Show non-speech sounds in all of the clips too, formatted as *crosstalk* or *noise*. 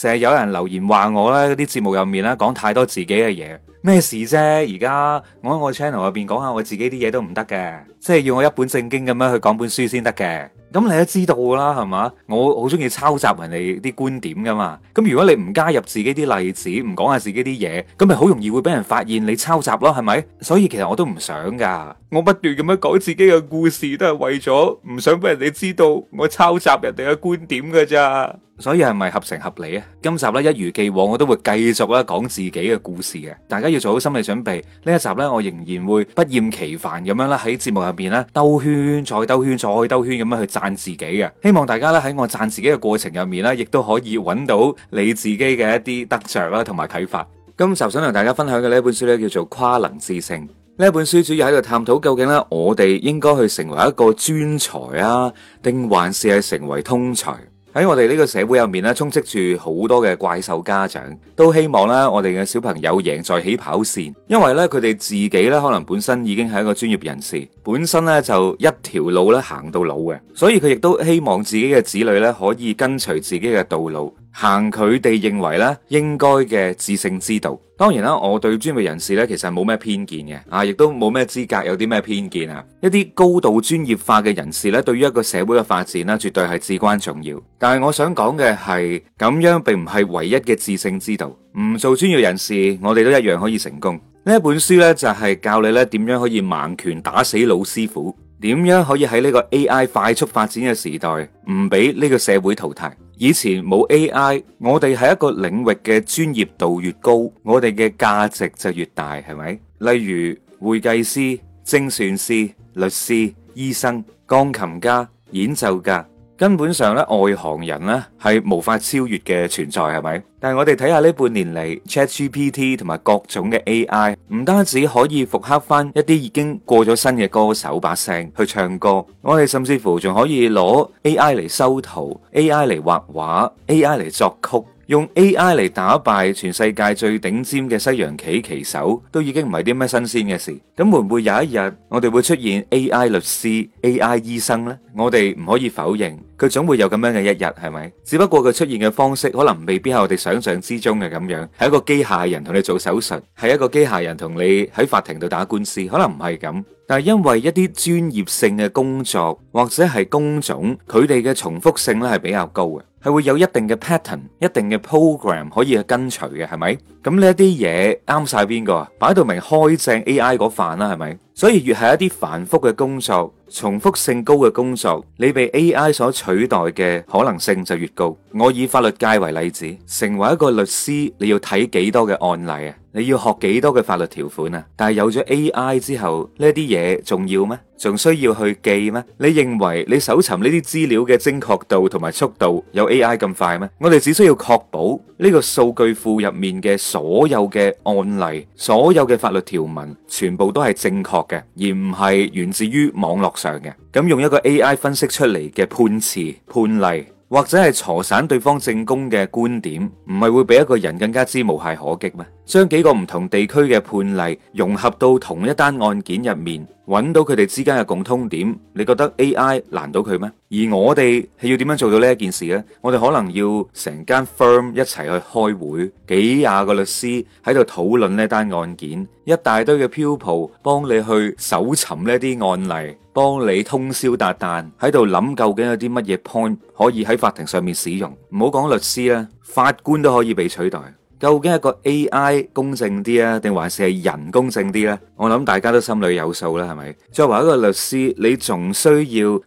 成日有人留言話，我呢，啲節目入面呢，講太多自己嘅嘢。咩事啫？而家我喺我 channel 入邊講下我自己啲嘢都唔得嘅？即係要我一本正經咁樣去講本書先得嘅？咁你都知道啦，係嘛？我好中意抄襲人哋啲觀點噶嘛。咁如果你唔加入自己啲例子，唔講下自己啲嘢，咁咪好容易會俾人發現你抄襲咯，係咪？所以其實我都唔想噶。我不斷咁樣講自己嘅故事，都係為咗唔想俾人哋知道我抄襲人哋嘅觀點噶咋。所以係咪合情合理啊？今集咧一如既往，我都會繼續咧講自己嘅故事嘅，大家。要做好心理準備，呢一集呢，我仍然會不厭其煩咁樣啦。喺節目入邊咧兜圈再兜圈再兜圈咁樣去讚自己嘅。希望大家咧喺我讚自己嘅過程入面咧，亦都可以揾到你自己嘅一啲得着啦，同埋啟發。今集想同大家分享嘅呢本書呢，叫做《跨能致勝》。呢本書主要喺度探討究竟呢，我哋應該去成為一個專才啊，定還是係成為通才？喺我哋呢個社會入面咧，充斥住好多嘅怪獸家長，都希望咧我哋嘅小朋友贏在起跑線，因為呢，佢哋自己呢，可能本身已經係一個專業人士，本身呢就一條路咧行到老嘅，所以佢亦都希望自己嘅子女呢，可以跟隨自己嘅道路。行佢哋認為咧應該嘅致勝之道，當然啦，我對專業人士咧其實冇咩偏見嘅，啊，亦都冇咩資格有啲咩偏見啊！一啲高度專業化嘅人士咧，對於一個社會嘅發展咧，絕對係至關重要。但係我想講嘅係，咁樣並唔係唯一嘅致勝之道，唔做專業人士，我哋都一樣可以成功。呢一本書咧就係教你咧點樣可以盲拳打死老師傅。點樣可以喺呢個 AI 快速發展嘅時代，唔俾呢個社會淘汰？以前冇 AI，我哋喺一個領域嘅專業度越高，我哋嘅價值就越大，係咪？例如會計師、精算師、律師、醫生、鋼琴家、演奏家。根本上咧，外行人咧係無法超越嘅存在，係咪？但係我哋睇下呢半年嚟，ChatGPT 同埋各種嘅 AI，唔單止可以複刻翻一啲已經過咗身嘅歌手把聲去唱歌，我哋甚至乎仲可以攞 AI 嚟修圖、AI 嚟畫畫、AI 嚟作曲，用 AI 嚟打敗全世界最頂尖嘅西洋棋棋手，都已經唔係啲咩新鮮嘅事。咁會唔會有一日我哋會出現 AI 律師、AI 醫生呢？我哋唔可以否認。佢總會有咁樣嘅一日，係咪？只不過佢出現嘅方式可能未必係我哋想像之中嘅咁樣，係一個機械人同你做手術，係一個機械人同你喺法庭度打官司，可能唔係咁。但係因為一啲專業性嘅工作或者係工種，佢哋嘅重複性咧係比較高嘅，係會有一定嘅 pattern、一定嘅 program 可以去跟隨嘅，係咪？咁呢啲嘢啱晒邊個啊？擺到明開正 AI 嗰飯啦，係咪？所以越係一啲繁複嘅工作、重複性高嘅工作，你被 AI 所取代嘅可能性就越高。我以法律界為例子，成為一個律師，你要睇幾多嘅案例啊？你要學幾多嘅法律條款啊？但係有咗 AI 之後，呢啲嘢重要咩？仲需要去記咩？你認為你搜尋呢啲資料嘅精確度同埋速度有 AI 咁快咩？我哋只需要確保呢個數據庫入面嘅所有嘅案例、所有嘅法律條文，全部都係正確嘅，而唔係源自於網絡上嘅。咁用一個 AI 分析出嚟嘅判詞、判例。或者係挫散對方正攻嘅觀點，唔係會比一個人更加之無懈可擊咩？將幾個唔同地區嘅判例融合到同一單案件入面，揾到佢哋之間嘅共通點，你覺得 AI 難到佢咩？而我哋係要點樣做到呢一件事呢？我哋可能要成間 firm 一齊去開會，幾廿個律師喺度討論呢單案件，一大堆嘅 pupil 幫你去搜尋呢啲案例，幫你通宵達旦喺度諗究竟有啲乜嘢 point 可以喺法庭上面使用。唔好講律師啦，法官都可以被取代。究竟係個 AI 公正啲啊，定還是係人公正啲咧？我諗大家都心裏有數啦，係咪？作為一個律師，你仲需要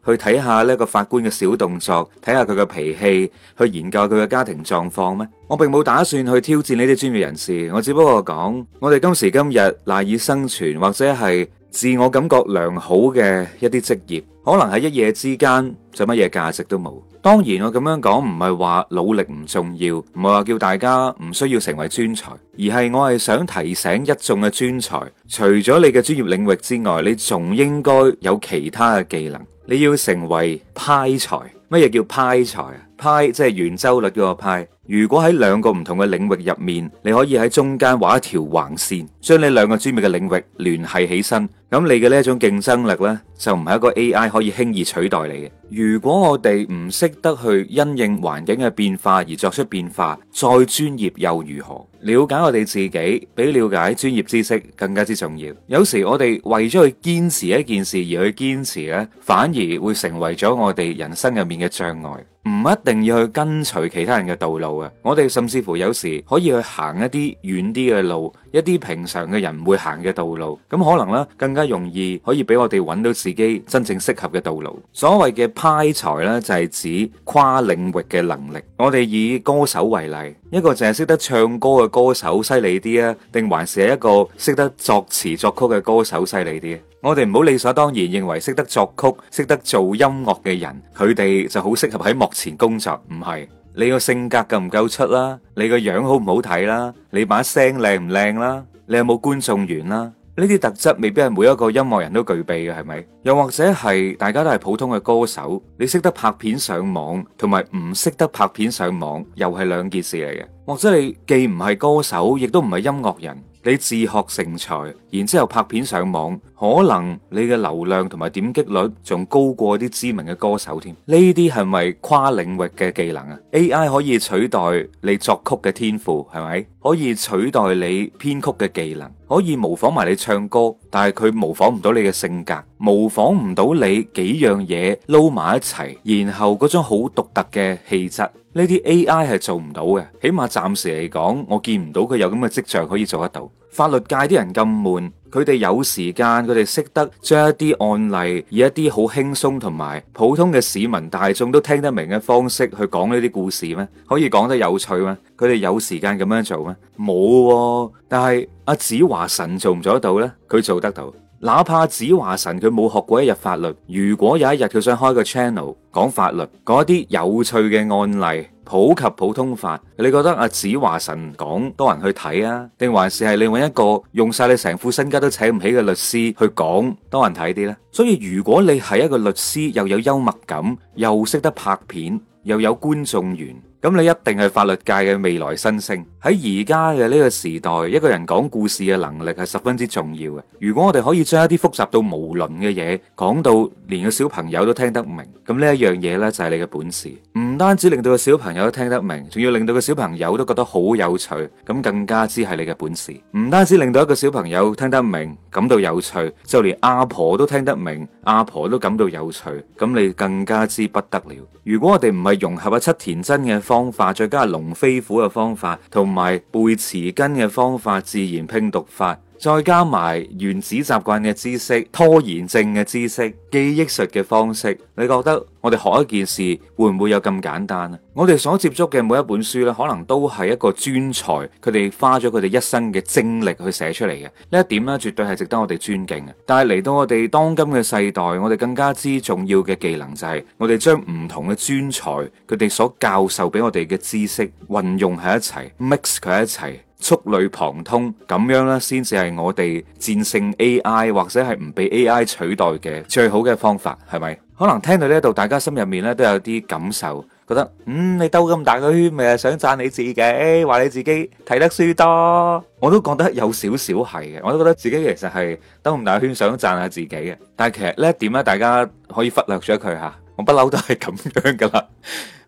去睇下呢個法官嘅小動作，睇下佢嘅脾氣，去研究佢嘅家庭狀況咩？我並冇打算去挑戰呢啲專業人士，我只不過講，我哋今時今日賴以生存，或者係。自我感覺良好嘅一啲職業，可能喺一夜之間就乜嘢價值都冇。當然我咁樣講唔係話努力唔重要，唔係話叫大家唔需要成為專才，而係我係想提醒一眾嘅專才，除咗你嘅專業領域之外，你仲應該有其他嘅技能。你要成為派才，乜嘢叫派才啊？派即係圓周率嗰個派。如果喺兩個唔同嘅領域入面，你可以喺中間畫一條橫線，將你兩個專業嘅領域聯繫起身，咁你嘅呢一種競爭力呢，就唔係一個 AI 可以輕易取代你嘅。如果我哋唔識得去因應環境嘅變化而作出變化，再專業又如何？了解我哋自己，比了解專業知識更加之重要。有時我哋為咗去堅持一件事而去堅持咧，反而會成為咗我哋人生入面嘅障礙。唔一定要去跟隨其他人嘅道路。我哋甚至乎有時可以去行一啲遠啲嘅路，一啲平常嘅人唔會行嘅道路，咁可能咧更加容易可以俾我哋揾到自己真正適合嘅道路。所謂嘅派才咧，就係指跨領域嘅能力。我哋以歌手為例，一個淨係識得唱歌嘅歌手犀利啲啊，定還是一個識得作詞作曲嘅歌手犀利啲？我哋唔好理所當然認為識得作曲、識得做音樂嘅人，佢哋就好適合喺幕前工作，唔係？你個性格夠唔夠出啦？你個樣好唔好睇啦？你把聲靚唔靚啦？你有冇觀眾緣啦？呢啲特質未必係每一個音樂人都具備嘅，係咪？又或者係大家都係普通嘅歌手，你識得拍片上網，同埋唔識得拍片上網，又係兩件事嚟嘅。或者你既唔係歌手，亦都唔係音樂人。你自學成才，然之後拍片上網，可能你嘅流量同埋點擊率仲高過啲知名嘅歌手添。呢啲係咪跨領域嘅技能啊？AI 可以取代你作曲嘅天賦，係咪可以取代你編曲嘅技能？可以模仿埋你唱歌，但係佢模仿唔到你嘅性格，模仿唔到你幾樣嘢撈埋一齊，然後嗰種好獨特嘅氣質，呢啲 AI 係做唔到嘅。起碼暫時嚟講，我見唔到佢有咁嘅跡象可以做得到。法律界啲人咁悶。佢哋有時間，佢哋識得將一啲案例以一啲好輕鬆同埋普通嘅市民大眾都聽得明嘅方式去講呢啲故事咩？可以講得有趣咩？佢哋有時間咁樣做咩？冇、啊。但係阿子華神做唔做得到呢？佢做得到。哪怕子華神佢冇學過一日法律，如果有一日佢想開個 channel 講法律，嗰啲有趣嘅案例。普及普通法，你覺得阿子華神講多人去睇啊？定還是係你搵一個用晒你成副身家都請唔起嘅律師去講多人睇啲呢？所以如果你係一個律師，又有幽默感，又識得拍片，又有觀眾緣。咁你一定係法律界嘅未來新星。喺而家嘅呢個時代，一個人講故事嘅能力係十分之重要嘅。如果我哋可以將一啲複雜到無倫嘅嘢講到連個小朋友都聽得明，咁呢一樣嘢咧就係你嘅本事。唔單止令到個小朋友都聽得明，仲要令到個小朋友都覺得好有趣，咁更加之係你嘅本事。唔單止令到一個小朋友聽得明、感到有趣，就連阿婆都聽得明、阿婆都感到有趣，咁你更加之不得了。如果我哋唔係融合阿七田真嘅，方法，再加龍飛虎嘅方法，同埋背詞根嘅方法，自然拼讀法。再加埋原子習慣嘅知識、拖延症嘅知識、記憶術嘅方式，你覺得我哋學一件事會唔會有咁簡單咧？我哋所接觸嘅每一本書呢，可能都係一個專才，佢哋花咗佢哋一生嘅精力去寫出嚟嘅。呢一點呢，絕對係值得我哋尊敬嘅。但係嚟到我哋當今嘅世代，我哋更加之重要嘅技能就係我哋將唔同嘅專才佢哋所教授俾我哋嘅知識運用喺一齊，mix 佢一齊。觸類旁通咁樣咧，先至係我哋戰勝 AI 或者係唔被 AI 取代嘅最好嘅方法，係咪？可能聽到呢度，大家心入面咧，都有啲感受，覺得嗯，你兜咁大個圈，咪係想讚你自己，話你自己睇得書多。我都覺得有少少係嘅，我都覺得自己其實係兜咁大個圈想讚下自己嘅。但係其實呢一點咧，大家可以忽略咗佢吓，我不嬲都係咁樣噶啦，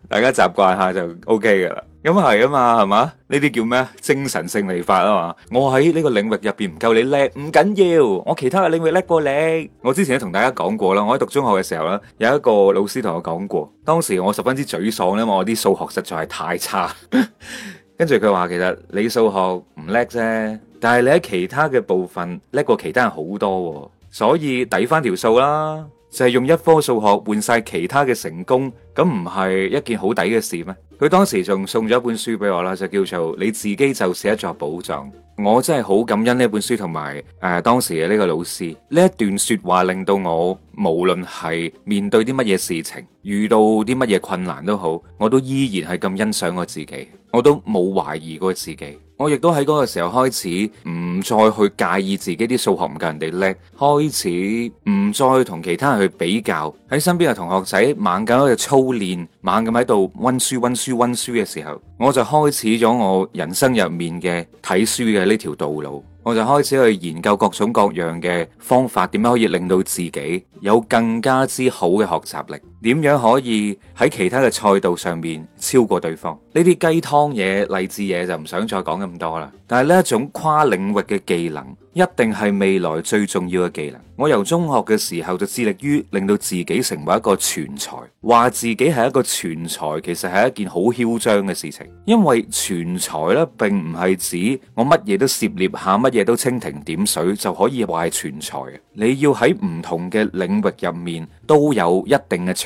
大家習慣下就 OK 噶啦咁係啊嘛，係嘛、嗯？呢啲叫咩？精神勝利法啊嘛！我喺呢個領域入邊唔夠你叻，唔緊要，要，我其他嘅領域叻過你。我之前都同大家講過啦，我喺讀中學嘅時候咧，有一個老師同我講過，當時我十分之沮喪咧，話我啲數學實在係太差。 *laughs* 跟住佢話其實你數學唔叻啫，但係你喺其他嘅部分叻過其他人好多，所以抵翻條數啦。就係用一科數學換晒其他嘅成功，咁唔係一件好抵嘅事咩？佢當時仲送咗一本書俾我啦，就叫做《你自己就是一座寶藏》，我真係好感恩呢本書同埋誒當時嘅呢個老師，呢一段說話令到我無論係面對啲乜嘢事情，遇到啲乜嘢困難都好，我都依然係咁欣賞我自己，我都冇懷疑過自己。我亦都喺嗰個時候開始唔再去介意自己啲數學唔夠人哋叻，開始唔再同其他人去比較。喺身邊嘅同學仔猛咁喺度操練，猛咁喺度溫書溫書溫書嘅時候，我就開始咗我人生入面嘅睇書嘅呢條道路。我就開始去研究各種各樣嘅方法，點樣可以令到自己有更加之好嘅學習力。點樣可以喺其他嘅賽道上面超過對方？呢啲雞湯嘢、勵志嘢就唔想再講咁多啦。但係呢一種跨領域嘅技能，一定係未來最重要嘅技能。我由中學嘅時候就致力於令到自己成為一個全才。話自己係一個全才，其實係一件好囂張嘅事情，因為全才咧並唔係指我乜嘢都涉獵下，乜嘢都蜻蜓點水就可以話係全才。你要喺唔同嘅領域入面都有一定嘅。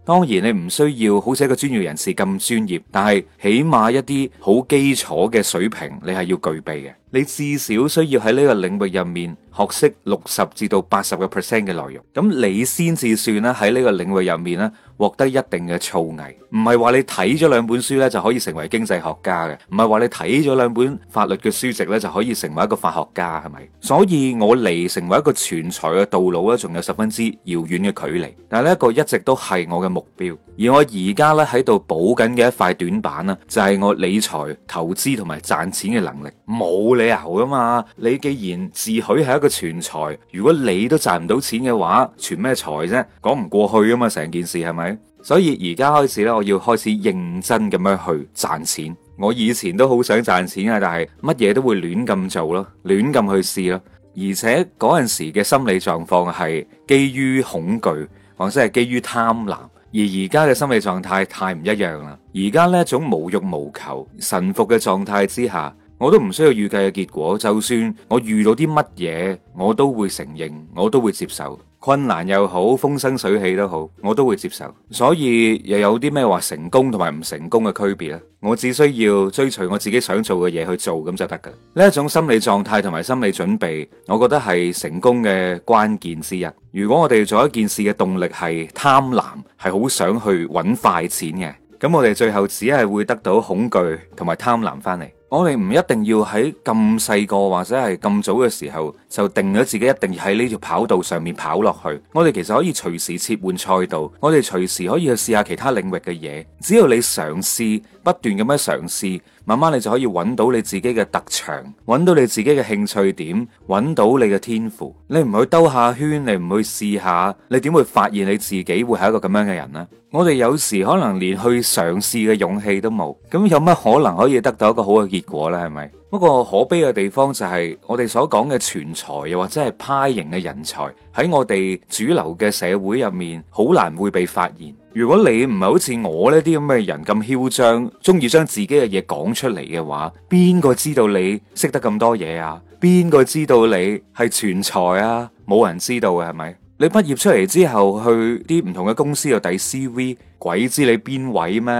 當然你唔需要好似一個專業人士咁專業，但係起碼一啲好基礎嘅水平你係要具備嘅。你至少需要喺呢個領域入面學識六十至到八十個 percent 嘅內容，咁你先至算啦喺呢個領域入面咧獲得一定嘅造詣。唔係話你睇咗兩本書咧就可以成為經濟學家嘅，唔係話你睇咗兩本法律嘅書籍咧就可以成為一個法學家係咪？所以我離成為一個全才嘅道路咧，仲有十分之遙遠嘅距離。但係呢一個一直都係我嘅目標。而我而家咧，喺度補緊嘅一塊短板啊，就係我理財、投資同埋賺錢嘅能力，冇理由噶嘛。你既然自詡係一個全才，如果你都賺唔到錢嘅話，全咩才啫？講唔過去噶嘛，成件事係咪？所以而家開始咧，我要開始認真咁樣去賺錢。我以前都好想賺錢啊，但係乜嘢都會亂咁做咯，亂咁去試咯。而且嗰陣時嘅心理狀況係基於恐懼，或者係基於貪婪。而而家嘅心理狀態太唔一樣啦，而家呢一種無欲無求、臣服嘅狀態之下，我都唔需要預計嘅結果，就算我遇到啲乜嘢，我都會承認，我都會接受。困難又好，風生水起都好，我都會接受。所以又有啲咩話成功同埋唔成功嘅區別咧？我只需要追隨我自己想做嘅嘢，去做咁就得噶。呢一種心理狀態同埋心理準備，我覺得係成功嘅關鍵之一。如果我哋做一件事嘅動力係貪婪，係好想去揾快錢嘅，咁我哋最後只係會得到恐懼同埋貪婪翻嚟。我哋唔一定要喺咁細個或者係咁早嘅時候就定咗自己一定要喺呢條跑道上面跑落去。我哋其實可以隨時切換賽道，我哋隨時可以去試下其他領域嘅嘢。只要你嘗試，不斷咁樣嘗試。慢慢你就可以揾到你自己嘅特長，揾到你自己嘅興趣點，揾到你嘅天賦。你唔去兜下圈，你唔去試下，你點會發現你自己會係一個咁樣嘅人呢？我哋有時可能連去嘗試嘅勇氣都冇，咁有乜可能可以得到一個好嘅結果咧？係咪？不過可悲嘅地方就係我哋所講嘅全才，又或者係派型嘅人才，喺我哋主流嘅社會入面，好難會被發現。如果你唔係好似我呢啲咁嘅人咁囂張，中意將自己嘅嘢講出嚟嘅話，邊個知道你識得咁多嘢啊？邊個知道你係全才啊？冇人知道啊，係咪？你畢業出嚟之後去啲唔同嘅公司度睇 C V，鬼知你邊位咩？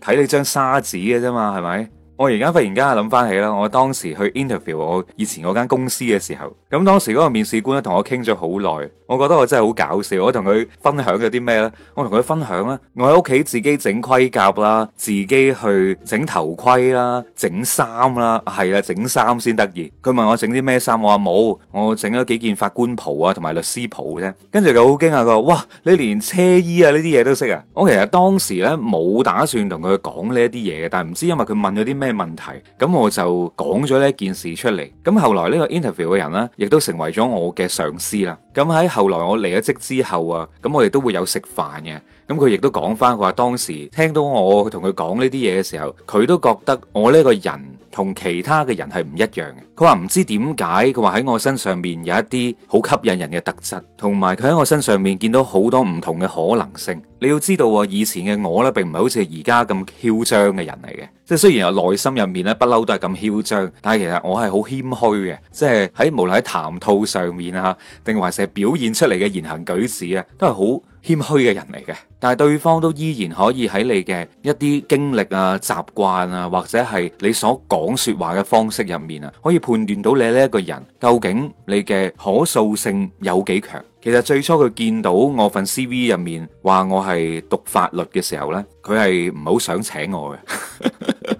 睇你張沙紙嘅啫嘛，係咪？我而家忽然間諗翻起啦，我當時去 interview 我以前嗰間公司嘅時候，咁當時嗰個面試官咧同我傾咗好耐，我覺得我真係好搞笑。我同佢分享咗啲咩呢？我同佢分享咧，我喺屋企自己整盔甲啦，自己去整頭盔啦，整衫啦，係啊，整衫先得意。佢問我整啲咩衫，我話冇，我整咗幾件法官袍啊，同埋律師袍啫。跟住佢好驚訝，佢話：哇，你連車衣啊呢啲嘢都識啊！我其實當時呢冇打算同佢講呢一啲嘢嘅，但係唔知因為佢問咗啲咩。問題，咁我就講咗呢件事出嚟。咁後來呢個 interview 嘅人呢，亦都成為咗我嘅上司啦。咁喺後來我離咗職之後啊，咁我亦都會有食飯嘅。咁佢亦都講翻佢話，當時聽到我同佢講呢啲嘢嘅時候，佢都覺得我呢個人。同其他嘅人係唔一樣嘅。佢話唔知點解，佢話喺我身上面有一啲好吸引人嘅特質，同埋佢喺我身上面見到好多唔同嘅可能性。你要知道，以前嘅我呢，並唔係好似而家咁囂張嘅人嚟嘅。即係雖然係內心入面呢不嬲都係咁囂張，但係其實我係好謙虛嘅。即係喺無論喺談吐上面啊，定還是係表現出嚟嘅言行舉止啊，都係好。謙虛嘅人嚟嘅，但係對方都依然可以喺你嘅一啲經歷啊、習慣啊，或者係你所講說話嘅方式入面啊，可以判斷到你呢一個人究竟你嘅可塑性有幾強。其實最初佢見到我份 CV 入面話我係讀法律嘅時候呢，佢係唔好想請我嘅。 *laughs*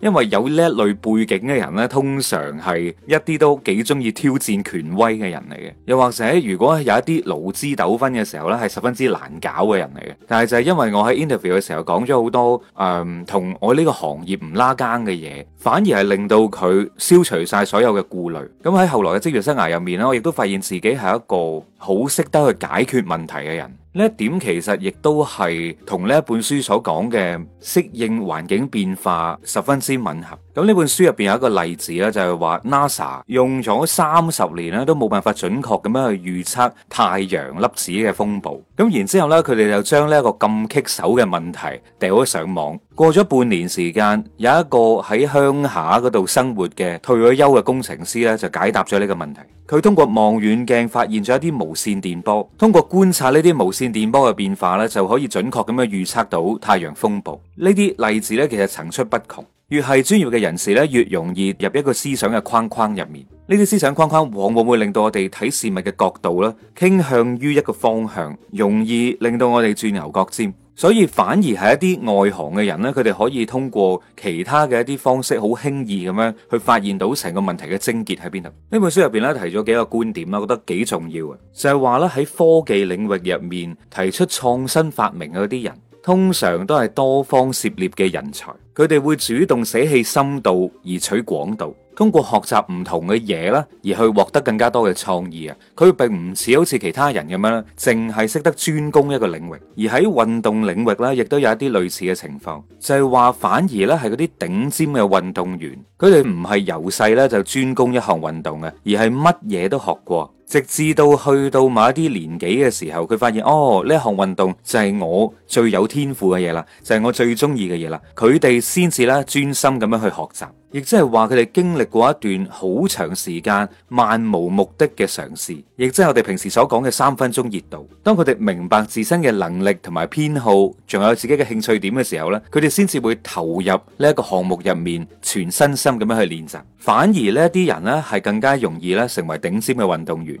因為有呢一類背景嘅人呢，通常係一啲都幾中意挑戰權威嘅人嚟嘅，又或者如果有一啲勞資糾紛嘅時候呢，係十分之難搞嘅人嚟嘅。但係就係因為我喺 interview 嘅時候講咗好多，誒、呃，同我呢個行業唔拉更嘅嘢，反而係令到佢消除晒所有嘅顧慮。咁喺後來嘅職業生涯入面呢，我亦都發現自己係一個好識得去解決問題嘅人。呢一點其實亦都係同呢一本書所講嘅適應環境變化十分之吻合。咁呢本書入邊有一個例子咧，就係話 NASA 用咗三十年咧，都冇辦法準確咁樣去預測太陽粒子嘅風暴。咁然之後呢，佢哋就將呢一個咁棘手嘅問題掉咗上網。過咗半年時間，有一個喺鄉下嗰度生活嘅退咗休嘅工程師咧，就解答咗呢個問題。佢通過望遠鏡發現咗一啲無線電波，通過觀察呢啲無線電波嘅變化咧，就可以準確咁樣預測到太陽風暴。呢啲例子咧，其實層出不窮。越係專業嘅人士咧，越容易入一個思想嘅框框入面。呢啲思想框框往往會令到我哋睇事物嘅角度咧，傾向於一個方向，容易令到我哋鑽牛角尖。所以反而係一啲外行嘅人咧，佢哋可以通過其他嘅一啲方式，好輕易咁樣去發現到成個問題嘅症結喺邊度。呢本書入邊咧提咗幾個觀點啦，覺得幾重要嘅。就係話咧喺科技領域入面，提出創新發明嗰啲人，通常都係多方涉獵嘅人才，佢哋會主動捨棄深度而取廣度。通過學習唔同嘅嘢啦，而去獲得更加多嘅創意啊！佢並唔似好似其他人咁樣咧，淨係識得專攻一個領域，而喺運動領域咧，亦都有一啲類似嘅情況，就係話反而咧係嗰啲頂尖嘅運動員，佢哋唔係由細咧就專攻一項運動嘅，而係乜嘢都學過。直至到去到某一啲年紀嘅時候，佢發現哦，呢一項運動就係我最有天賦嘅嘢啦，就係我最中意嘅嘢啦。佢哋先至咧專心咁樣去學習，亦即係話佢哋經歷過一段好長時間漫無目的嘅嘗試，亦即係我哋平時所講嘅三分鐘熱度。當佢哋明白自身嘅能力同埋偏好，仲有自己嘅興趣點嘅時候呢，佢哋先至會投入呢一個項目入面，全身心咁樣去練習。反而呢啲人呢，係更加容易咧成為頂尖嘅運動員。而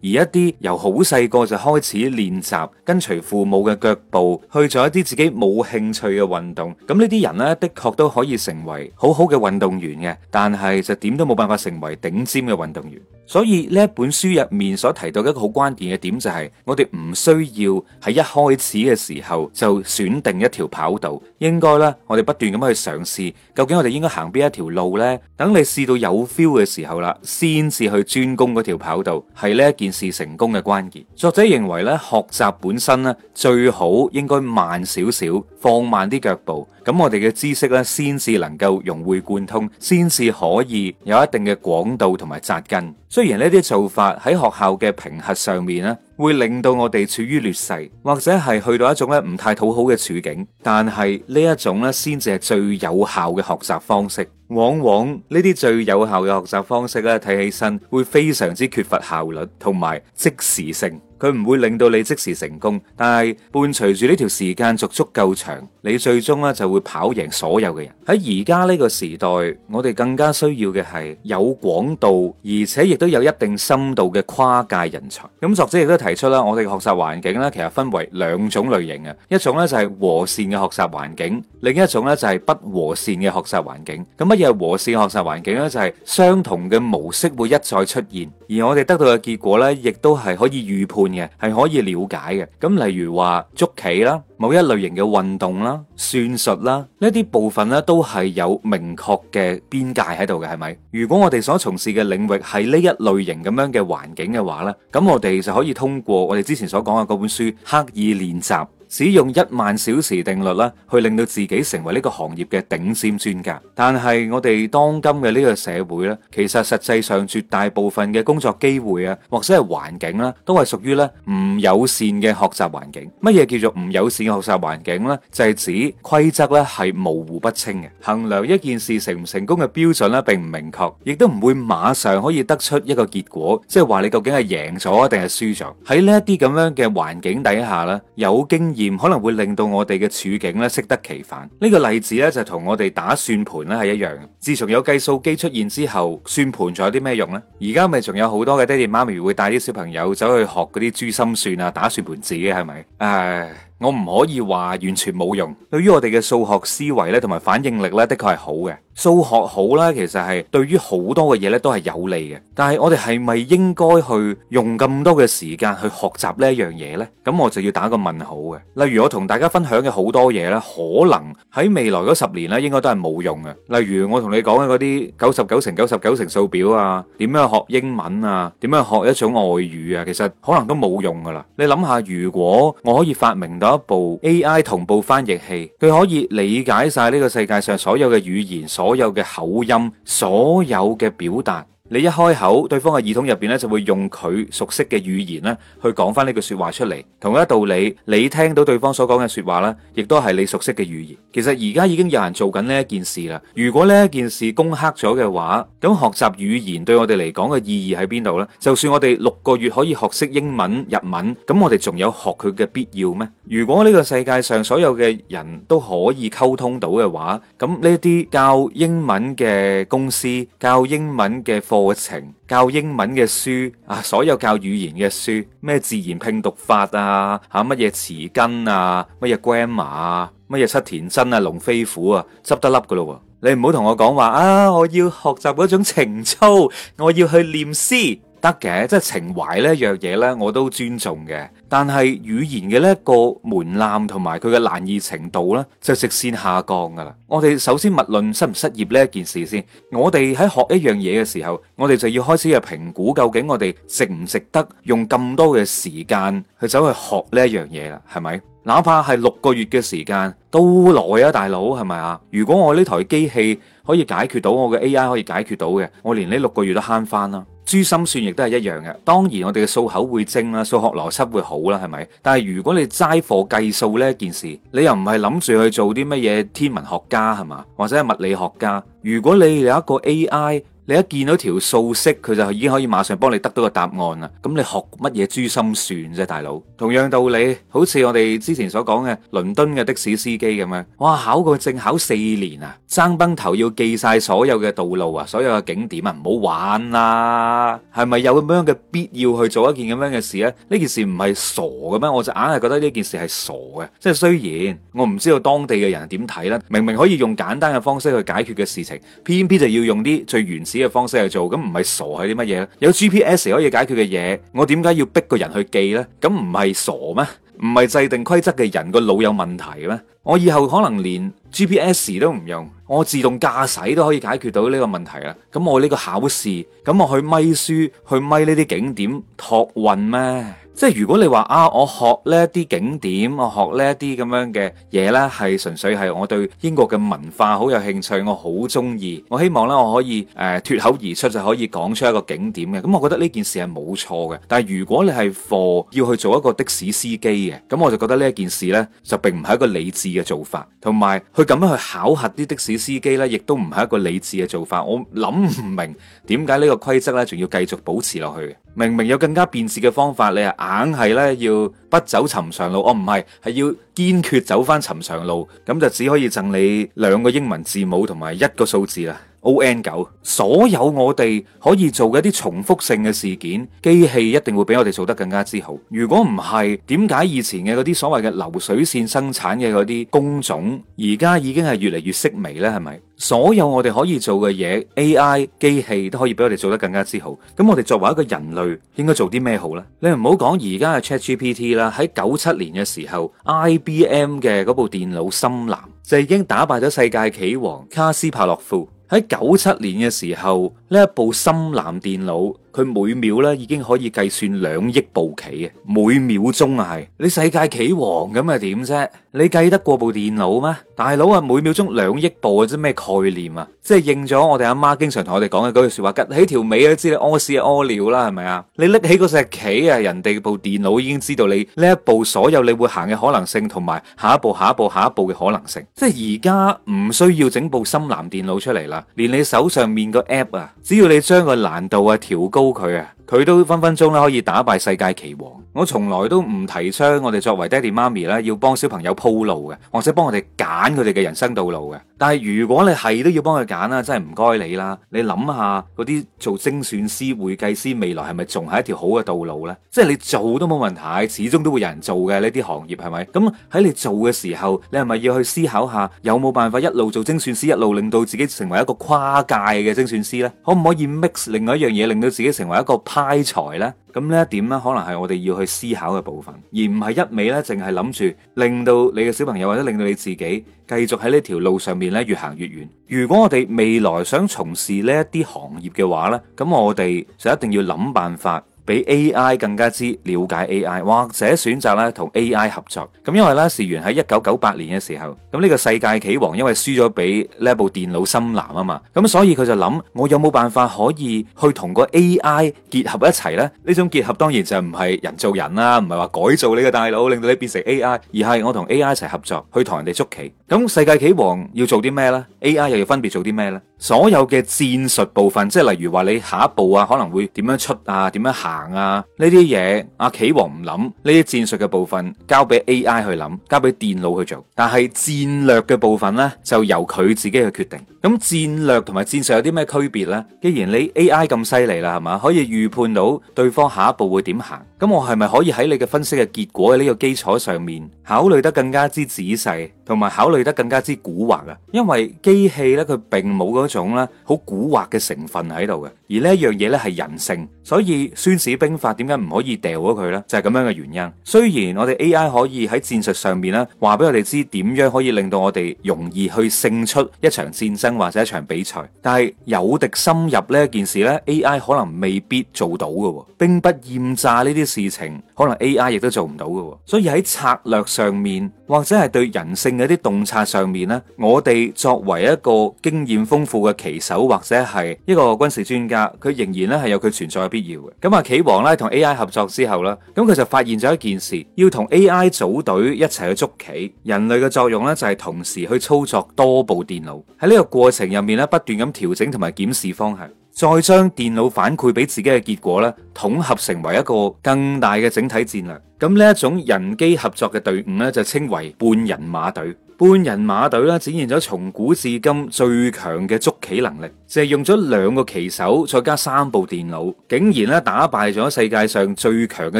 一啲由好細個就開始練習，跟隨父母嘅腳步，去做一啲自己冇興趣嘅運動，咁呢啲人呢，的確都可以成為好好嘅運動員嘅，但係就點都冇辦法成為頂尖嘅運動員。所以呢本書入面所提到一個好關鍵嘅點就係，我哋唔需要喺一開始嘅時候就選定一條跑道，應該咧我哋不斷咁去嘗試，究竟我哋應該行邊一條路呢？等你試到有 feel 嘅時候啦，先至去專攻嗰條跑道，係呢一件事成功嘅關鍵。作者認為咧，學習本身咧最好應該慢少少。放慢啲腳步，咁我哋嘅知識咧先至能夠融會貫通，先至可以有一定嘅廣度同埋扎根。雖然呢啲做法喺學校嘅評核上面咧，會令到我哋處於劣勢，或者係去到一種咧唔太討好嘅處境，但係呢一種咧先至係最有效嘅學習方式。往往呢啲最有效嘅學習方式咧，睇起身會非常之缺乏效率同埋即時性，佢唔會令到你即時成功。但係伴隨住呢條時間足足夠長，你最終咧就會跑贏所有嘅人。喺而家呢個時代，我哋更加需要嘅係有廣度而且亦都有一定深度嘅跨界人才。咁作者亦都提出啦，我哋嘅學習環境咧，其實分為兩種類型啊，一種咧就係和善嘅學習環境，另一種咧就係不和善嘅學習環境。咁啊？係和善學習環境咧，就係、是、相同嘅模式會一再出現，而我哋得到嘅結果咧，亦都係可以預判嘅，係可以了解嘅。咁例如話捉棋啦，某一類型嘅運動啦、算術啦，呢啲部分咧，都係有明確嘅邊界喺度嘅，係咪？如果我哋所從事嘅領域係呢一類型咁樣嘅環境嘅話咧，咁我哋就可以通過我哋之前所講嘅嗰本書，刻意練習。使用一萬小時定律啦，去令到自己成為呢個行業嘅頂尖專家。但係我哋當今嘅呢個社會咧，其實實際上絕大部分嘅工作機會啊，或者係環境啦，都係屬於咧唔友善嘅學習環境。乜嘢叫做唔友善嘅學習環境呢？就係指規則咧係模糊不清嘅，衡量一件事成唔成功嘅標準呢，並唔明確，亦都唔會馬上可以得出一個結果，即係話你究竟係贏咗定係輸咗。喺呢一啲咁樣嘅環境底下呢，有經驗。可能會令到我哋嘅處境咧適得其反。呢個例子咧就同我哋打算盤咧係一樣。自從有計數機出現之後，算盤仲有啲咩用呢？而家咪仲有好多嘅爹哋媽咪會帶啲小朋友走去學嗰啲珠心算啊、打算盤字嘅係咪？誒、啊，我唔可以話完全冇用。對於我哋嘅數學思維咧同埋反應力咧，的確係好嘅。數學好啦，其實係對於好多嘅嘢咧都係有利嘅。但係我哋係咪應該去用咁多嘅時間去學習呢一樣嘢呢？咁我就要打個問號嘅。例如我同大家分享嘅好多嘢呢，可能喺未來嗰十年咧，應該都係冇用嘅。例如我同你講嘅嗰啲九十九乘九十九乘數表啊，點樣學英文啊，點樣學一種外語啊，其實可能都冇用噶啦。你諗下，如果我可以發明到一部 AI 同步翻譯器，佢可以理解晒呢個世界上所有嘅語言所。所有嘅口音，所有嘅表達。你一開口，對方嘅耳筒入邊咧就會用佢熟悉嘅語言咧，去講翻呢句説話出嚟，同一道理，你聽到對方所講嘅説話咧，亦都係你熟悉嘅語言。其實而家已經有人做緊呢一件事啦。如果呢一件事攻克咗嘅話，咁學習語言對我哋嚟講嘅意義喺邊度呢？就算我哋六個月可以學識英文、日文，咁我哋仲有學佢嘅必要咩？如果呢個世界上所有嘅人都可以溝通到嘅話，咁呢一啲教英文嘅公司、教英文嘅課。課程教英文嘅書啊，所有教語言嘅書，咩自然拼讀法啊，吓乜嘢詞根啊，乜嘢 grammar 啊，乜嘢七田真啊，龍飛虎啊，執得笠噶咯。你唔好同我講話啊，我要學習嗰種情操，我要去念詩得嘅，即係情懷呢樣嘢呢，我都尊重嘅。但係語言嘅呢一個門檻同埋佢嘅難易程度呢，就直線下降㗎啦。我哋首先勿論失唔失業呢一件事先，我哋喺學一樣嘢嘅時候，我哋就要開始去評估，究竟我哋值唔值得用咁多嘅時間去走去學呢一樣嘢啦？係咪？哪怕係六個月嘅時間都耐啊，大佬係咪啊？如果我呢台機器可以解決到，我嘅 AI 可以解決到嘅，我連呢六個月都慳翻啦。珠心算亦都係一樣嘅，當然我哋嘅數口會精啦，數學邏輯會好啦，係咪？但係如果你齋課計數呢件事，你又唔係諗住去做啲乜嘢天文學家係嘛，或者係物理學家？如果你有一個 AI。你一見到條數式，佢就已經可以馬上幫你得到個答案啦。咁你學乜嘢珠心算啫，大佬？同樣道理，好似我哋之前所講嘅倫敦嘅的、的士司機咁樣，哇！考個證考四年啊，爭崩頭要記晒所有嘅道路啊，所有嘅景點啊，唔好玩啊！係咪有咁樣嘅必要去做一件咁樣嘅事咧、啊？呢件事唔係傻嘅咩？我就硬係覺得呢件事係傻嘅。即係雖然我唔知道當地嘅人點睇啦，明明可以用簡單嘅方式去解決嘅事情，偏偏就要用啲最原始。呢個方式去做，咁唔係傻係啲乜嘢呢？有 GPS 可以解決嘅嘢，我點解要逼個人去記呢？咁唔係傻咩？唔係制定規則嘅人個腦有問題咩？我以後可能連 GPS 都唔用，我自動駕駛都可以解決到呢個問題啦。咁我呢個考試，咁我去咪書，去咪呢啲景點托運咩？即係如果你話啊，我學呢一啲景點，我學呢一啲咁樣嘅嘢呢，係純粹係我對英國嘅文化好有興趣，我好中意，我希望呢，我可以誒、呃、脫口而出就可以講出一個景點嘅。咁、嗯、我覺得呢件事係冇錯嘅。但係如果你係 for 要去做一個的士司機嘅，咁、嗯、我就覺得呢一件事呢，就並唔係一個理智嘅做法，同埋去咁樣去考核啲的士司機呢，亦都唔係一個理智嘅做法。我諗唔明點解呢個規則呢，仲要繼續保持落去。明明有更加便捷嘅方法，你係硬係咧要不走尋常路，哦，唔係，係要堅決走返尋常路，咁就只可以贈你兩個英文字母同埋一個數字啦。O.N. 九，所有我哋可以做嘅一啲重複性嘅事件，機器一定會比我哋做得更加之好。如果唔係，點解以前嘅嗰啲所謂嘅流水線生產嘅嗰啲工種，而家已經係越嚟越式微呢？係咪？所有我哋可以做嘅嘢，A.I. 機器都可以比我哋做得更加之好。咁我哋作為一個人類，應該做啲咩好呢？你唔好講而家嘅 ChatGPT 啦，喺九七年嘅時候，I.B.M. 嘅嗰部電腦深藍就已經打敗咗世界棋王卡斯帕洛夫。喺九七年嘅時候，呢一部深藍電腦。佢每秒呢已經可以計算兩億步棋啊！每秒鐘啊係你世界棋王咁啊點啫？你計得過部電腦咩？大佬啊，每秒鐘兩億步啊，即咩概念啊？即係應咗我哋阿媽經常同我哋講嘅嗰句説話，趌起條尾都知你屙屎屙尿啦，係咪啊？你拎起隻棋啊，人哋部電腦已經知道你呢一步所有你會行嘅可能性，同埋下一步、下一步、下一步嘅可能性。即係而家唔需要整部深藍電腦出嚟啦，連你手上面個 app 啊，只要你將個難度啊調高。高佢啊！佢都分分鐘咧可以打敗世界棋王。我從來都唔提倡我哋作為爹地媽咪咧要幫小朋友鋪路嘅，或者幫我哋揀佢哋嘅人生道路嘅。但係如果你係都要幫佢揀啦，真係唔該你啦。你諗下嗰啲做精算師、會計師未來係咪仲係一條好嘅道路呢？即係你做都冇問題，始終都會有人做嘅呢啲行業係咪？咁喺你做嘅時候，你係咪要去思考下有冇辦法一路做精算師，一路令到自己成為一個跨界嘅精算師呢？可唔可以 mix 另外一樣嘢，令到自己成為一個拉財咧，咁呢一點咧，可能係我哋要去思考嘅部分，而唔係一味咧，淨係諗住令到你嘅小朋友或者令到你自己繼續喺呢條路上面咧越行越遠。如果我哋未來想從事呢一啲行業嘅話咧，咁我哋就一定要諗辦法。比 AI 更加之了解 AI，或者選擇咧同 AI 合作。咁因為呢事源喺一九九八年嘅時候，咁、這、呢個世界棋王因為輸咗俾呢部電腦深藍啊嘛，咁所以佢就諗，我有冇辦法可以去同個 AI 結合一齊呢？呢種結合當然就唔係人做人啦，唔係話改造你嘅大腦，令到你變成 AI，而係我同 AI 一齊合作去同人哋捉棋。咁、嗯、世界棋王要做啲咩呢？AI 又要分別做啲咩呢？所有嘅戰術部分，即係例如話你下一步啊，可能會點樣出啊，點樣行？行啊！呢啲嘢阿棋王唔諗，呢啲戰術嘅部分交俾 AI 去諗，交俾電腦去做。但係戰略嘅部分呢，就由佢自己去決定。咁戰略同埋戰術有啲咩區別呢？既然你 AI 咁犀利啦，係嘛，可以預判到對方下一步會點行？咁我係咪可以喺你嘅分析嘅結果嘅呢個基礎上面，考慮得更加之仔細，同埋考慮得更加之古惑啊？因為機器呢，佢並冇嗰種咧好古惑嘅成分喺度嘅。而呢一樣嘢呢係人性，所以《孫子兵法》點解唔可以掉咗佢呢？就係咁樣嘅原因。雖然我哋 AI 可以喺戰術上面呢，話俾我哋知點樣可以令到我哋容易去勝出一場戰爭或者一場比賽，但係有敵深入呢一件事呢，AI 可能未必做到嘅。兵不厭詐呢啲事情，可能 AI 亦都做唔到嘅。所以喺策略上面或者係對人性嘅一啲洞察上面呢，我哋作為一個經驗豐富嘅棋手或者係一個軍事專家。佢仍然咧係有佢存在嘅必要嘅。咁啊，棋王咧同 AI 合作之後咧，咁佢就發現咗一件事，要同 AI 組隊一齊去捉棋，人類嘅作用咧就係、是、同時去操作多部電腦，喺呢個過程入面咧不斷咁調整同埋檢視方向，再將電腦反饋俾自己嘅結果咧，統合成為一個更大嘅整體戰略。咁呢一種人機合作嘅隊伍咧，就稱為半人馬隊。半人馬隊啦，展現咗從古至今最強嘅捉棋能力，淨係用咗兩個棋手，再加三部電腦，竟然咧打敗咗世界上最強嘅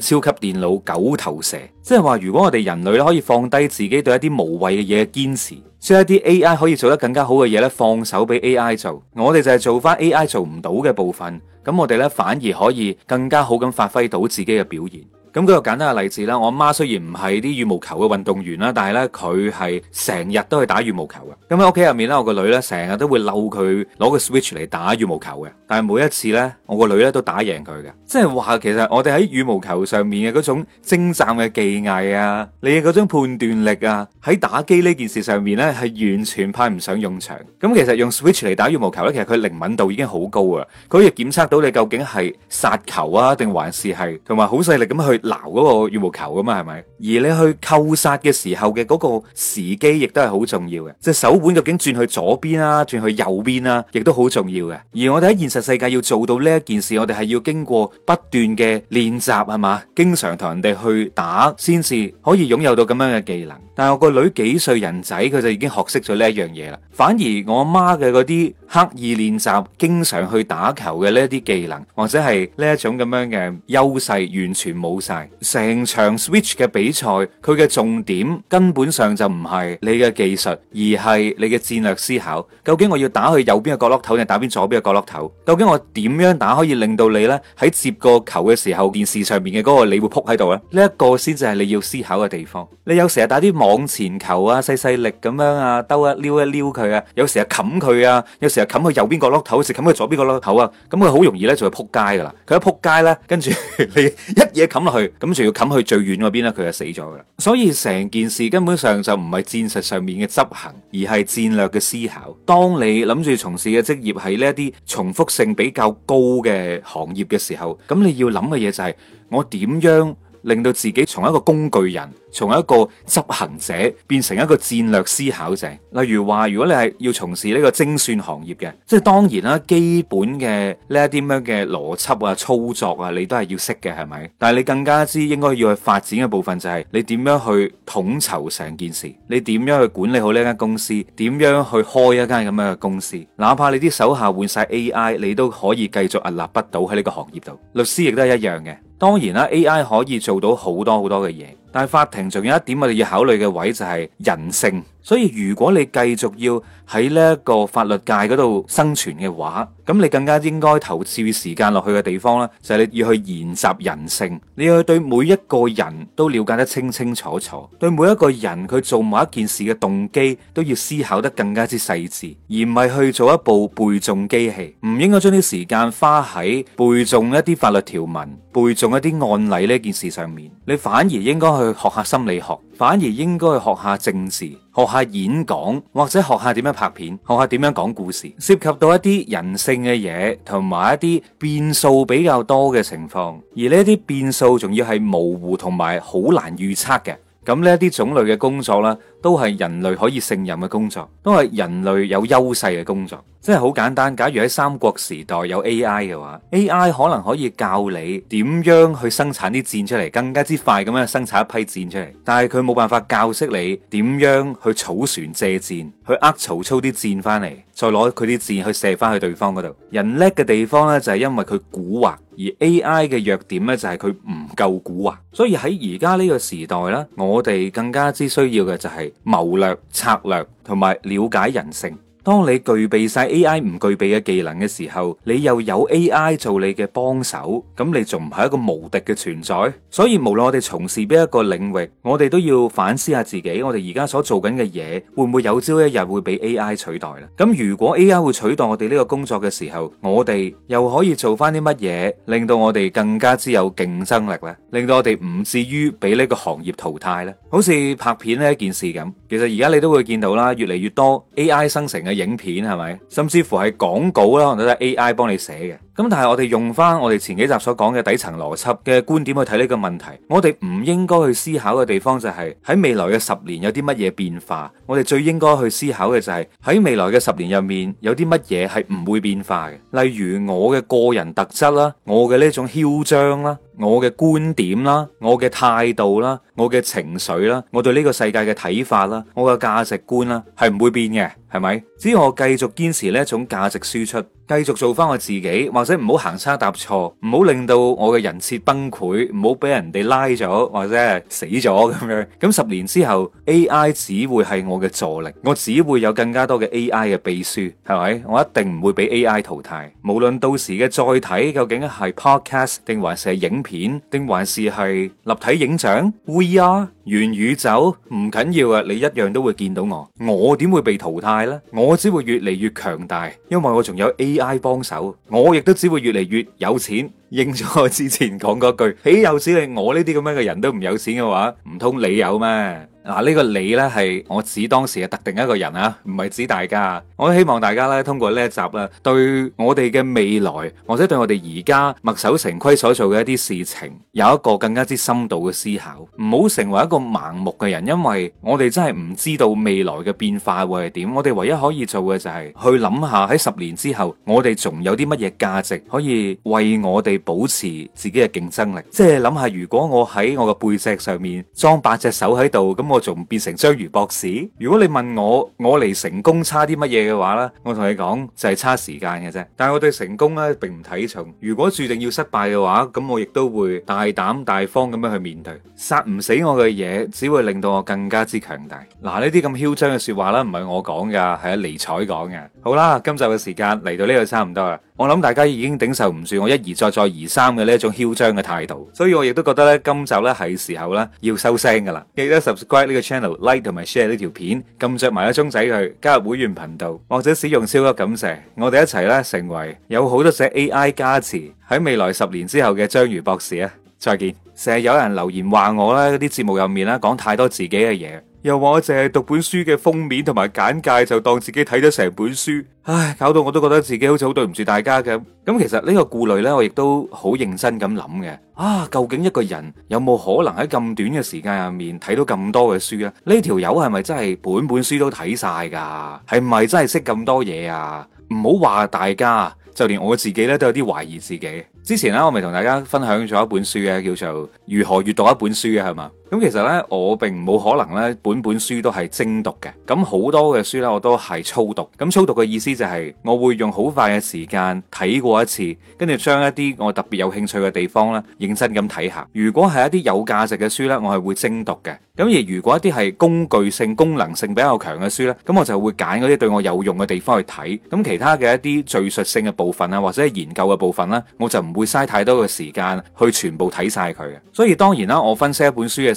超級電腦九頭蛇。即係話，如果我哋人類咧可以放低自己對一啲無謂嘅嘢嘅堅持，將一啲 AI 可以做得更加好嘅嘢咧放手俾 AI 做，我哋就係做翻 AI 做唔到嘅部分，咁我哋咧反而可以更加好咁發揮到自己嘅表現。咁舉個簡單嘅例子啦，我阿媽雖然唔係啲羽毛球嘅運動員啦，但係呢，佢係成日都去打羽毛球嘅。咁喺屋企入面呢，我個女呢，成日都會嬲佢攞個 switch 嚟打羽毛球嘅。但係每一次呢，我個女呢都打贏佢嘅。即係話其實我哋喺羽毛球上面嘅嗰種精湛嘅技藝啊，你嘅嗰種判斷力啊，喺打機呢件事上面呢，係完全派唔上用場。咁其實用 switch 嚟打羽毛球呢，其實佢靈敏度已經好高啊，佢可以檢測到你究竟係殺球啊，定還是係同埋好細力咁去。撈嗰個羽毛球噶嘛係咪？而你去扣殺嘅時候嘅嗰個時機亦都係好重要嘅，隻手腕究竟轉去左邊啊，轉去右邊啊，亦都好重要嘅。而我哋喺現實世界要做到呢一件事，我哋係要經過不斷嘅練習係嘛，經常同人哋去打，先至可以擁有到咁樣嘅技能。但係我個女幾歲人仔，佢就已經學識咗呢一樣嘢啦。反而我媽嘅嗰啲刻意練習、經常去打球嘅呢一啲技能，或者係呢一種咁樣嘅優勢，完全冇。成場 Switch 嘅比賽，佢嘅重點根本上就唔係你嘅技術，而係你嘅戰略思考。究竟我要打去右邊嘅角落頭定打邊左邊嘅角落頭？究竟我點樣打可以令到你呢？喺接個球嘅時候，電視上面嘅嗰個你會撲喺度呢？呢一個先至係你要思考嘅地方。你有時打啲網前球啊，細細力咁樣啊，兜一撩一撩佢啊，有時冚佢啊，有時冚去右邊角落頭，有時係冚去左邊角落頭啊，咁佢好容易呢就會撲街噶啦。佢一撲街呢，跟住你一嘢冚落去。咁仲要冚去最遠嗰邊咧，佢就死咗噶啦。所以成件事根本上就唔係戰術上面嘅執行，而係戰略嘅思考。當你諗住從事嘅職業係呢一啲重複性比較高嘅行業嘅時候，咁你要諗嘅嘢就係我點樣令到自己從一個工具人？從一個執行者變成一個戰略思考者，例如話，如果你係要從事呢個精算行業嘅？即係當然啦，基本嘅呢一啲咁樣嘅邏輯啊、操作啊，你都係要識嘅，係咪？但係你更加之應該要去發展嘅部分就係你點樣去統籌成件事，你點樣去管理好呢間公司，點樣去開一間咁樣嘅公司，哪怕你啲手下換晒 AI，你都可以繼續屹立不倒喺呢個行業度。律師亦都係一樣嘅，當然啦，AI 可以做到好多好多嘅嘢。但係法庭仲有一點我哋要考慮嘅位，就係人性。所以，如果你繼續要喺呢一個法律界嗰度生存嘅話，咁你更加應該投資時間落去嘅地方咧，就係、是、你要去研習人性，你要去對每一個人都了解得清清楚楚，對每一個人佢做某一件事嘅動機都要思考得更加之細緻，而唔係去做一部背誦機器。唔應該將啲時間花喺背誦一啲法律條文、背誦一啲案例呢件事上面，你反而應該去學下心理學，反而應該去學下政治。學下演講，或者學下點樣拍片，學下點樣講故事，涉及到一啲人性嘅嘢，同埋一啲變數比較多嘅情況，而呢啲變數仲要係模糊同埋好難預測嘅。咁呢啲種類嘅工作啦，都係人類可以勝任嘅工作，都係人類有優勢嘅工作，即係好簡單。假如喺三國時代有 AI 嘅話，AI 可能可以教你點樣去生產啲箭出嚟，更加之快咁樣生產一批箭出嚟。但係佢冇辦法教識你點樣去草船借箭，去呃曹操啲箭翻嚟，再攞佢啲箭去射翻去對方嗰度。人叻嘅地方呢，就係因為佢蠱惑，而 AI 嘅弱點呢，就係佢唔夠蠱惑。所以喺而家呢個時代啦，我哋更加之需要嘅就係。謀略、策略同埋了解人性。當你具備晒 AI 唔具備嘅技能嘅時候，你又有 AI 做你嘅幫手，咁你仲唔係一個無敵嘅存在？所以無論我哋從事邊一個領域，我哋都要反思下自己，我哋而家所做緊嘅嘢會唔會有朝一日會被 AI 取代咧？咁如果 AI 會取代我哋呢個工作嘅時候，我哋又可以做翻啲乜嘢，令到我哋更加之有競爭力咧？令到我哋唔至於俾呢個行業淘汰咧？好似拍片呢一件事咁，其實而家你都會見到啦，越嚟越多 AI 生成嘅。影片係咪？甚至乎係廣告啦，都係 AI 幫你寫嘅。咁但係我哋用翻我哋前幾集所講嘅底層邏輯嘅觀點去睇呢個問題，我哋唔應該去思考嘅地方就係喺未來嘅十年有啲乜嘢變化。我哋最應該去思考嘅就係喺未來嘅十年入面有啲乜嘢係唔會變化嘅，例如我嘅個人特質啦，我嘅呢種囂張啦。我嘅觀點啦，我嘅態度啦，我嘅情緒啦，我對呢個世界嘅睇法啦，我嘅價值觀啦，係唔會變嘅，係咪？只要我繼續堅持呢一種價值輸出。繼續做翻我自己，或者唔好行差踏錯，唔好令到我嘅人設崩潰，唔好俾人哋拉咗或者係死咗咁樣。咁十年之後，A.I. 只會係我嘅助力，我只會有更加多嘅 A.I. 嘅秘書，係咪？我一定唔會俾 A.I. 淘汰。無論到時嘅載體究竟係 Podcast 定還是係影片，定還是係立體影像、VR、元宇宙，唔緊要啊！你一樣都會見到我。我點會被淘汰呢？我只會越嚟越強大，因為我仲有 A。AI 幫手，我亦都只會越嚟越有錢。應咗我之前講嗰句，豈有此理，我呢啲咁樣嘅人都唔有錢嘅話，唔通你有咩？嗱，呢個你咧係我指當時嘅特定一個人啊，唔係指大家。我都希望大家咧，通過呢一集啦，對我哋嘅未來或者對我哋而家墨守成規所做嘅一啲事情，有一個更加之深度嘅思考。唔好成為一個盲目嘅人，因為我哋真係唔知道未來嘅變化會係點，我哋唯一可以做嘅就係去諗下喺十年之後我哋仲有啲乜嘢價值可以為我哋保持自己嘅競爭力。即係諗下，如果我喺我嘅背脊上面裝八隻手喺度，咁我。仲變成章魚博士？如果你問我我離成功差啲乜嘢嘅話咧，我同你講就係差時間嘅啫。但係我對成功咧並唔睇重。如果注定要失敗嘅話，咁我亦都會大膽大方咁樣去面對。殺唔死我嘅嘢，只會令到我更加之強大。嗱，呢啲咁囂張嘅說話咧，唔係我講噶，係阿尼采講嘅。好啦，今集嘅時間嚟到呢度差唔多啦。我諗大家已經頂受唔住我一而再再而三嘅呢一種囂張嘅態度，所以我亦都覺得咧，今集咧係時候咧要收聲噶啦。記得 subscribe 呢個 channel、like 同埋 share 呢條片，撳着埋一鐘仔佢加入會員頻道，或者使用超級感謝，我哋一齊咧成為有好多隻 AI 加持喺未來十年之後嘅章魚博士啊！再見。成日有人留言話我呢啲節目入面咧講太多自己嘅嘢。又話我淨係讀本書嘅封面同埋簡介就當自己睇咗成本書，唉，搞到我都覺得自己好似好對唔住大家咁。咁其實呢個顧慮呢，我亦都好認真咁諗嘅。啊，究竟一個人有冇可能喺咁短嘅時間下面睇到咁多嘅書呢？呢條友係咪真係本本書都睇晒噶？係咪真係識咁多嘢啊？唔好話大家，就連我自己呢都有啲懷疑自己。之前呢，我咪同大家分享咗一本書嘅，叫做《如何閱讀一本書》嘅，係嘛？咁其實咧，我並冇可能咧本本書都係精讀嘅。咁好多嘅書咧，我都係粗讀。咁粗讀嘅意思就係我會用好快嘅時間睇過一次，跟住將一啲我特別有興趣嘅地方咧，認真咁睇下。如果係一啲有價值嘅書咧，我係會精讀嘅。咁而如果一啲係工具性、功能性比較強嘅書咧，咁我就會揀嗰啲對我有用嘅地方去睇。咁其他嘅一啲敘述性嘅部分啊，或者係研究嘅部分咧，我就唔會嘥太多嘅時間去全部睇晒佢嘅。所以當然啦，我分析一本書嘅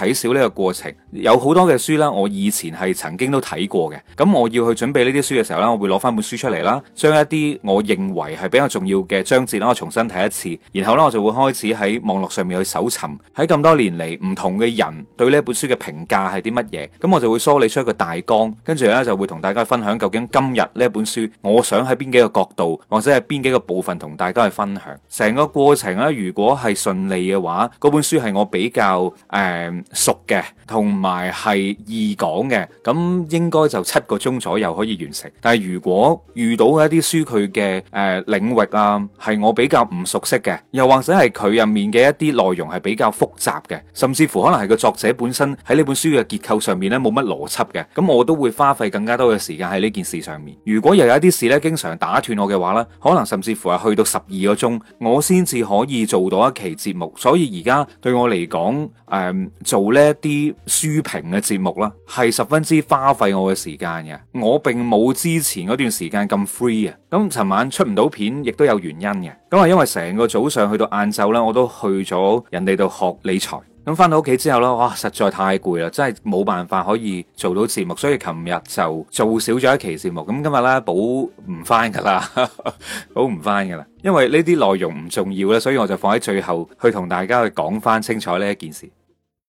睇少呢個過程，有好多嘅書呢。我以前係曾經都睇過嘅。咁我要去準備呢啲書嘅時候呢，我會攞翻本書出嚟啦，將一啲我認為係比較重要嘅章節咧，我重新睇一次，然後呢，我就會開始喺網絡上面去搜尋，喺咁多年嚟唔同嘅人對呢本書嘅評價係啲乜嘢。咁我就會梳理出一個大綱，跟住呢，就會同大家分享究竟今日呢本書，我想喺邊幾個角度或者係邊幾個部分同大家去分享。成個過程呢，如果係順利嘅話，嗰本書係我比較誒。呃熟嘅，同埋係易講嘅，咁應該就七個鐘左右可以完成。但係如果遇到一啲書佢嘅誒領域啊，係我比較唔熟悉嘅，又或者係佢入面嘅一啲內容係比較複雜嘅，甚至乎可能係個作者本身喺呢本書嘅結構上面呢冇乜邏輯嘅，咁我都會花費更加多嘅時間喺呢件事上面。如果又有一啲事呢，經常打斷我嘅話呢，可能甚至乎係去到十二個鐘，我先至可以做到一期節目。所以而家對我嚟講，誒、呃、做。做呢一啲書評嘅節目啦，係十分之花費我嘅時間嘅。我並冇之前嗰段時間咁 free 嘅。咁尋晚出唔到片，亦都有原因嘅。咁係因為成個早上去到晏晝啦，我都去咗人哋度學理財。咁翻到屋企之後啦，哇，實在太攰啦，真係冇辦法可以做到節目。所以琴日就做少咗一期節目。咁今日咧，補唔翻噶啦，補唔翻噶啦。因為呢啲內容唔重要咧，所以我就放喺最後去同大家去講翻清楚呢一件事。